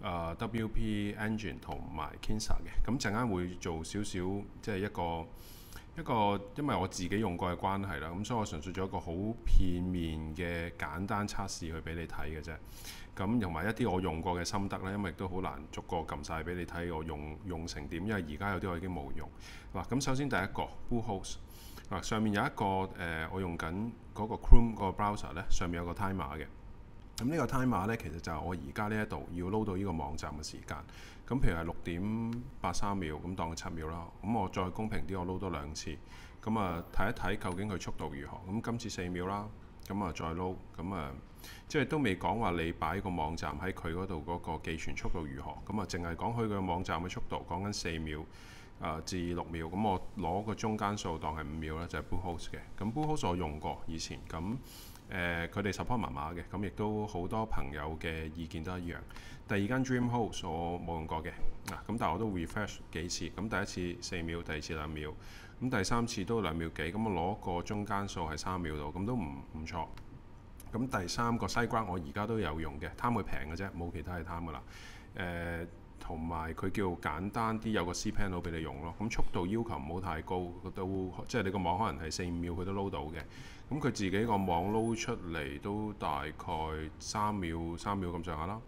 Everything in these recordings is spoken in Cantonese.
誒、uh, WP engine 同埋 Kinsta 嘅，咁陣間會做少少即係一個一個，因為我自己用過嘅關係啦，咁所以我純粹做一個好片面嘅簡單測試去俾你睇嘅啫。咁同埋一啲我用過嘅心得咧，因為都好難逐個撳晒俾你睇我用用成點，因為而家有啲我已經冇用。嗱，咁首先第一個 Bluehost，嗱上面有一個誒、呃、我用緊嗰個 Chrome 個 browser 咧，上面有個 timer 嘅。咁呢個 time 碼呢，其實就係我而家呢一度要 load 到呢個網站嘅時間。咁譬如係六點八三秒，咁當佢七秒啦。咁我再公平啲，我 load 多兩次。咁啊，睇一睇究竟佢速度如何。咁今次四秒啦。咁啊，再 load。咁啊，即係都未講話你擺個網站喺佢嗰度嗰個寄存速度如何。咁啊，淨係講佢嘅網站嘅速度，講緊四秒至六秒。咁、呃、我攞個中間數當係五秒啦，就係、是、Bluehost 嘅。咁 Bluehost 我用過以前咁。誒佢哋 support 麻麻嘅，咁、呃、亦都好多朋友嘅意見都一樣。第二間 DreamHost 我冇用過嘅，嗱、啊、咁但係我都 refresh 幾次，咁第一次四秒，第二次兩秒，咁第三次都兩秒幾，咁、嗯、我攞個中間數係三秒度，咁、嗯、都唔唔錯。咁、嗯、第三個西瓜我而家都有用嘅，貪佢平嘅啫，冇其他嘢貪噶啦。誒、呃。同埋佢叫簡單啲，有個 Cpanel 俾你用咯。咁、嗯、速度要求唔好太高，都即係你個網可能係四五秒佢都 load 到嘅。咁、嗯、佢自己個網 load 出嚟都大概三秒三秒咁上下啦。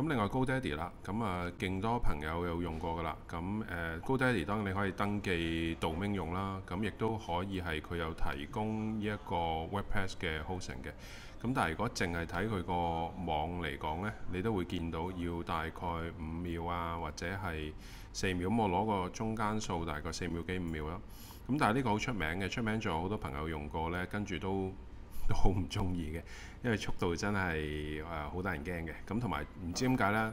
咁另外 GoDaddy 啦，咁啊勁多朋友有用過噶啦。咁、嗯、誒 GoDaddy 當然你可以登記導名用啦，咁亦都可以係佢有提供依一個 WordPress 嘅 hosting 嘅。咁但係如果淨係睇佢個網嚟講呢，你都會見到要大概五秒啊，或者係四秒。咁我攞個中間數，大概四秒幾五秒啦。咁但係呢個好出名嘅，出名仲有好多朋友用過呢，跟住都，都好唔中意嘅，因為速度真係誒好得人驚嘅。咁、啊、同埋唔知點解咧，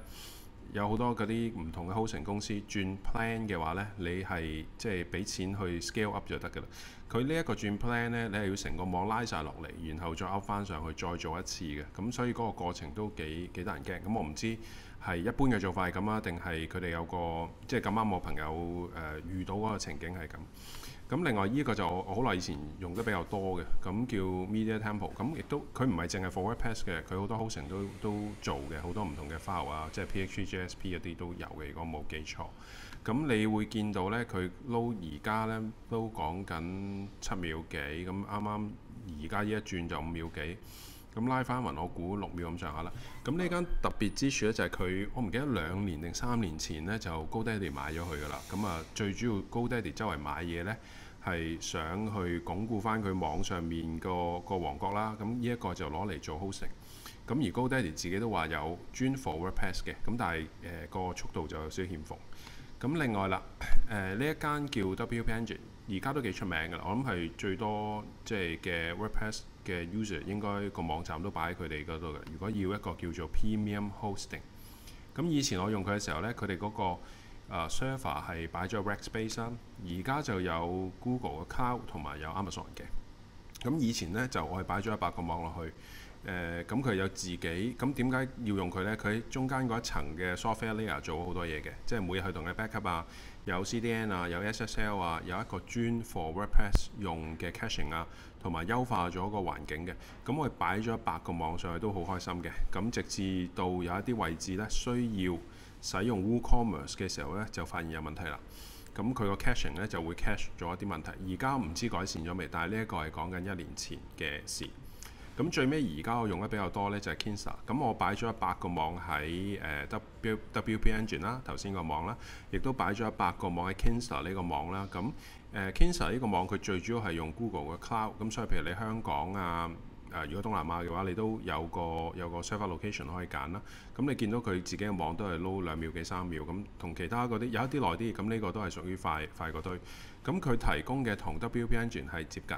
有好多嗰啲唔同嘅 hosting 公司轉 plan 嘅話呢，你係即係俾錢去 scale up 就得㗎啦。佢呢一個轉 plan 咧，你係要成個網拉晒落嚟，然後再 up 翻上去再做一次嘅。咁、嗯、所以嗰個過程都幾幾得人驚。咁、嗯、我唔知係一般嘅做法係咁啊，定係佢哋有個即係咁啱我朋友誒、呃、遇到嗰個情景係咁。咁另外呢個就好耐以前用得比較多嘅，咁叫 Media Temple，咁亦都佢唔係淨係 forward pass 嘅，佢好多好成都都做嘅，好多唔同嘅 file 啊，即係 p h g s p 一啲都有嘅，如果冇記錯。咁你會見到呢，佢撈而家呢都講緊七秒幾，咁啱啱而家呢一轉就五秒幾。咁拉翻雲，我估六秒咁上下啦。咁呢間特別之處咧，就係、是、佢我唔記得兩年定三年前咧，就高爹地買咗佢噶啦。咁、嗯、啊，最主要高爹地周圍買嘢咧，係想去鞏固翻佢網上面個個王國啦。咁呢一個就攞嚟做 hosting、嗯。咁而高爹地自己都話有專 for WordPress 嘅。咁、嗯、但係誒、呃這個速度就有少少欠奉。咁、嗯、另外啦，誒呢一間叫 WP Engine，而家都幾出名噶啦。我諗係最多即係嘅 WordPress。嘅 user 應該個網站都擺喺佢哋嗰度嘅。如果要一個叫做 premium hosting，咁以前我用佢嘅時候呢，佢哋嗰個、呃、server 係擺咗 Rackspace 啦。而家就有 Google 嘅 Cloud 同埋有 Amazon 嘅。咁以前呢，就我係擺咗一百個網落去。誒咁佢有自己咁點解要用佢呢？佢中間嗰一層嘅 Software Layer 做好多嘢嘅，即係每日去同佢 Backup 啊，有 CDN 啊，有 SSL 啊，有一個專 for WordPress 用嘅 Caching 啊，同埋優化咗個環境嘅。咁、嗯、我係擺咗一百個網上去都好開心嘅。咁、嗯、直至到有一啲位置呢，需要使用 WooCommerce 嘅時候呢，就發現有問題啦。咁、嗯、佢個 Caching 呢，就會 Cache 咗一啲問題。而家唔知改善咗未？但係呢一個係講緊一年前嘅事。.咁最尾而家我用得比較多呢，就係 Kinsta。咁我擺咗一百個網喺誒 W WP Engine 啦，頭先個網啦，亦都擺咗一百個網喺 Kinsta 呢個網啦。咁誒 Kinsta 呢個網佢最主要係用 Google 嘅 Cloud，咁所以譬如你香港啊誒、呃、如果東南亞嘅話，你都有個有個 server location 可以揀啦。咁你見到佢自己嘅網都係撈兩秒幾三秒，咁同其他嗰啲有一啲耐啲，咁呢個都係屬於快快堆。咁佢提供嘅同 WP Engine 係接近。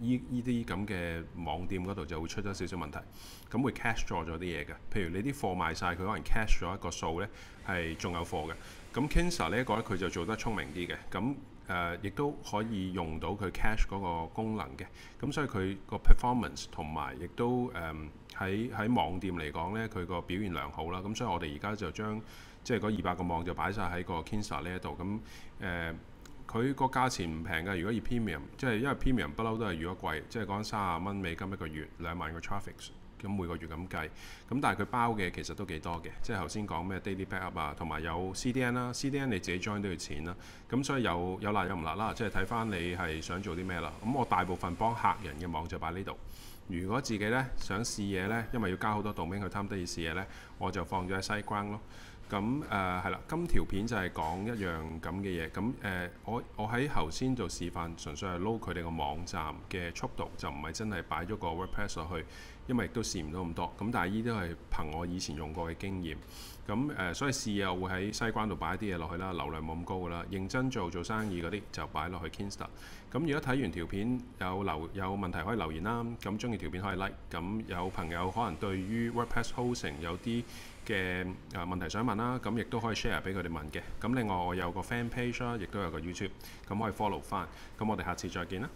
依依啲咁嘅網店嗰度就會出咗少少問題，咁會 cash 咗咗啲嘢嘅。譬如你啲貨賣晒，佢可能 cash 咗一個數呢，係仲有貨嘅。咁 Cancer 呢一個呢，佢就做得聰明啲嘅，咁誒、呃、亦都可以用到佢 cash 嗰個功能嘅。咁所以佢個 performance 同埋亦都誒喺喺網店嚟講呢，佢個表現良好啦。咁所以我哋而家就將即係嗰二百個網就擺晒喺個 Cancer 呢一度咁誒。佢個價錢唔平㗎，如果以 Premium，即係因為 Premium 不嬲都係如果貴，即係講三十蚊美金一個月，兩萬個 traffic 咁每個月咁計。咁但係佢包嘅其實都幾多嘅，即係頭先講咩 daily backup 啊，同埋有 CDN 啦，CDN 你自己 join 都要錢啦、啊。咁所以有有辣有唔辣啦，即係睇返你係想做啲咩啦。咁我大部分幫客人嘅網就擺呢度。如果自己呢，想試嘢呢，因為要加好多 domain 去貪得意試嘢呢。我就放咗喺西關咯，咁誒係啦，今條片就係講一樣咁嘅嘢，咁誒、呃、我我喺頭先做示範，純粹係撈佢哋個網站嘅速度，就唔係真係擺咗個 WordPress 落去，因為亦都試唔到咁多，咁但係依啲係憑我以前用過嘅經驗，咁誒、呃、所以試又會喺西關度擺啲嘢落去啦，流量冇咁高噶啦，認真做做生意嗰啲就擺落去 Kinsta，咁如果睇完條片有留有問題可以留言啦，咁中意條片可以 like，咁有朋友可能對於 WordPress hosting 有啲嘅誒問題想問啦，咁亦都可以 share 俾佢哋問嘅。咁另外我有個 fan page 啦，亦都有個 YouTube，咁可以 follow 翻。咁我哋下次再見啦。